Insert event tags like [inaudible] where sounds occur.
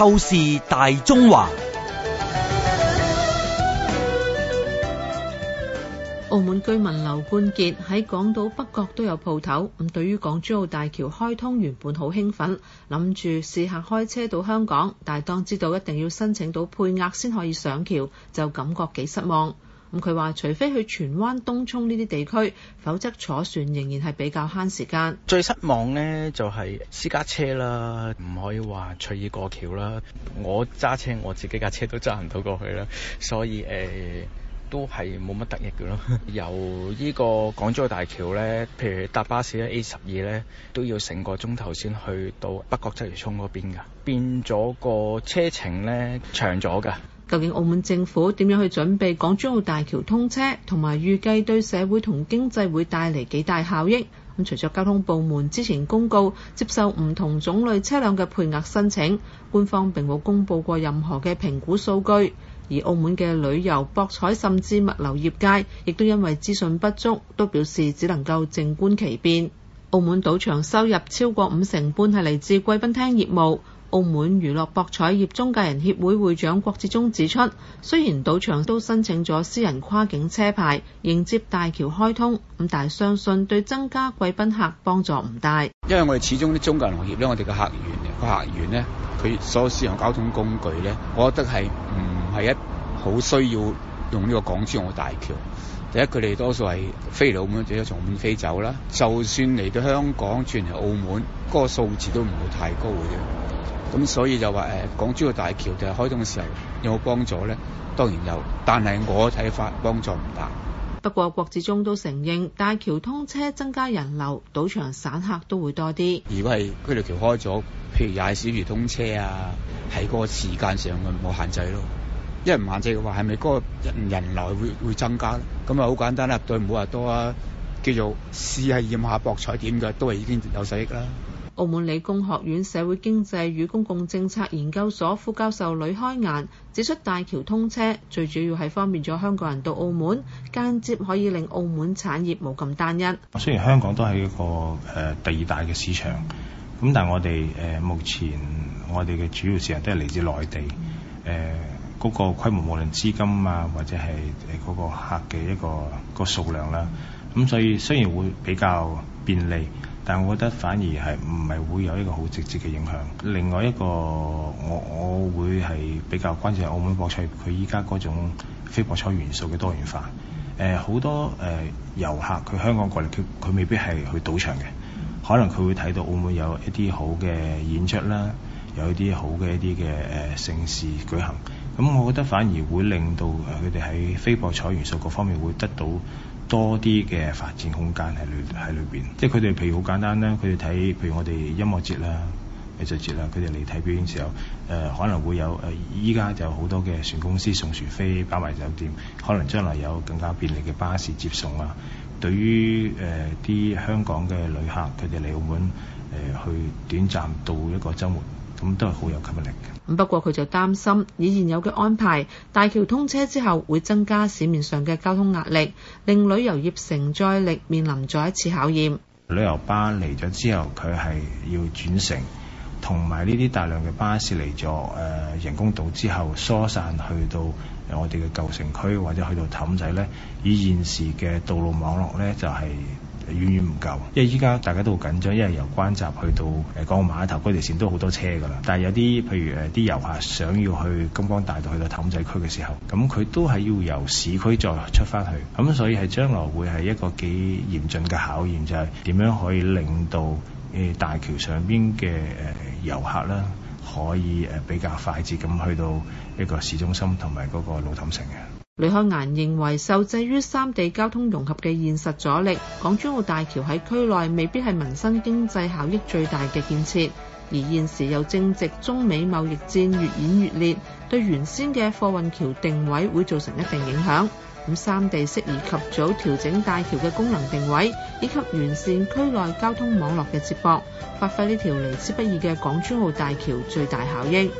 透視大中華。澳門居民劉冠杰喺港島北角都有鋪頭，咁對於港珠澳大橋開通，原本好興奮，諗住試下開車到香港，但係當知道一定要申請到配額先可以上橋，就感覺幾失望。咁佢話，除非去荃灣、東涌呢啲地區，否則坐船仍然係比較慳時間。最失望呢就係私家車啦，唔可以話隨意過橋啦。我揸車我自己架車都揸唔到過去啦，所以誒、呃、都係冇乜得益嘅咯。 [laughs] 由呢個港珠澳大橋呢，譬如搭巴士咧 A 十二呢都要成個鐘頭先去到北角、鰂魚涌嗰邊噶，變咗個車程呢長咗㗎。究竟澳門政府點樣去準備港珠澳大橋通車，同埋預計對社會同經濟會帶嚟幾大效益？除咗交通部門之前公告接受唔同種類車輛嘅配額申請，官方並冇公布過任何嘅評估數據。而澳門嘅旅遊、博彩甚至物流業界，亦都因為資訊不足，都表示只能夠靜觀其變。澳門賭場收入超過五成半係嚟自貴賓廳業務。澳門娛樂博彩業中介人協會會長郭志忠指出，雖然賭場都申請咗私人跨境車牌，迎接大橋開通，咁但係相信對增加貴賓客幫助唔大，因為我哋始終啲中介人行業咧，我哋嘅客源嘅客源咧，佢所使用交通工具咧，我覺得係唔係一好需要用呢個港珠澳大橋。第一，佢哋多數係飛澳門，或者從澳門飛走啦。就算嚟到香港轉嚟澳門，嗰個數字都唔會太高嘅啫。咁、嗯、所以就話誒，港珠澳大橋就係開通嘅時候有冇幫助咧？當然有，但係我睇法幫助唔大。不過郭志忠都承認，大橋通車增加人流，賭場散客都會多啲。如果係區條橋開咗，譬如廿四小時通車啊，喺個時間上嘅冇限制咯。因為唔限制嘅話，係咪嗰個人人流會會增加？咁啊好簡單啦，對唔好話多啊，叫做試係驗下博彩點嘅，都係已經有使益啦。澳門理工學院社會經濟與公共政策研究所副教授呂開顏指出，大橋通車最主要係方便咗香港人到澳門，間接可以令澳門產業冇咁單一。雖然香港都係一個誒、呃、第二大嘅市場，咁但係我哋誒、呃、目前我哋嘅主要市場都係嚟自內地，誒、呃、嗰、那個規模無論資金啊或者係誒嗰個客嘅一個一個數量啦，咁所以雖然會比較便利。但我覺得反而係唔係會有一個好直接嘅影響。另外一個，我我會係比較關注澳門博彩，佢依家嗰種非博彩元素嘅多元化。誒、呃、好多誒遊、呃、客佢香港過嚟，佢佢未必係去賭場嘅，可能佢會睇到澳門有一啲好嘅演出啦，有一啲好嘅一啲嘅誒盛事舉行。咁我覺得反而會令到誒佢哋喺飛博彩元素各方面會得到多啲嘅發展空間喺裏喺裏邊，即係佢哋譬如好簡單啦，佢哋睇譬如我哋音樂節啦、藝術節啦，佢哋嚟睇表演時候誒、呃、可能會有誒依家就好多嘅船公司送船飛包埋酒店，可能將來有更加便利嘅巴士接送啊。對於誒啲香港嘅旅客，佢哋嚟澳門誒、呃、去短暫度一個周末。咁都係好有吸引力嘅。 [noise] 不過佢就擔心，以現有嘅安排，大橋通車之後會增加市面上嘅交通壓力，令旅遊業承載力面臨再一次考驗。旅遊巴嚟咗之後，佢係要轉乘，同埋呢啲大量嘅巴士嚟咗誒人工島之後疏散去到我哋嘅舊城區或者去到氹仔呢，以現時嘅道路網絡呢，就係、是。遠遠唔夠，因為依家大家都好緊張，因為由關閘去到誒港澳碼頭嗰條線都好多車噶啦。但係有啲譬如誒啲遊客想要去金光大道去到氹仔區嘅時候，咁佢都係要由市區再出翻去，咁所以係將來會係一個幾嚴峻嘅考驗，就係、是、點樣可以令到誒大橋上邊嘅誒遊客啦，可以誒比較快捷咁去到一個市中心同埋嗰個路氹城嘅。李開顏認為受制於三地交通融合嘅現實阻力，港珠澳大橋喺區內未必係民生經濟效益最大嘅建設，而現時又正值中美貿易戰越演越烈，對原先嘅貨運橋定位會造成一定影響。咁三地適宜及早調整大橋嘅功能定位，以及完善區內交通網絡嘅接駁，發揮呢條嚟之不易嘅港珠澳大橋最大效益。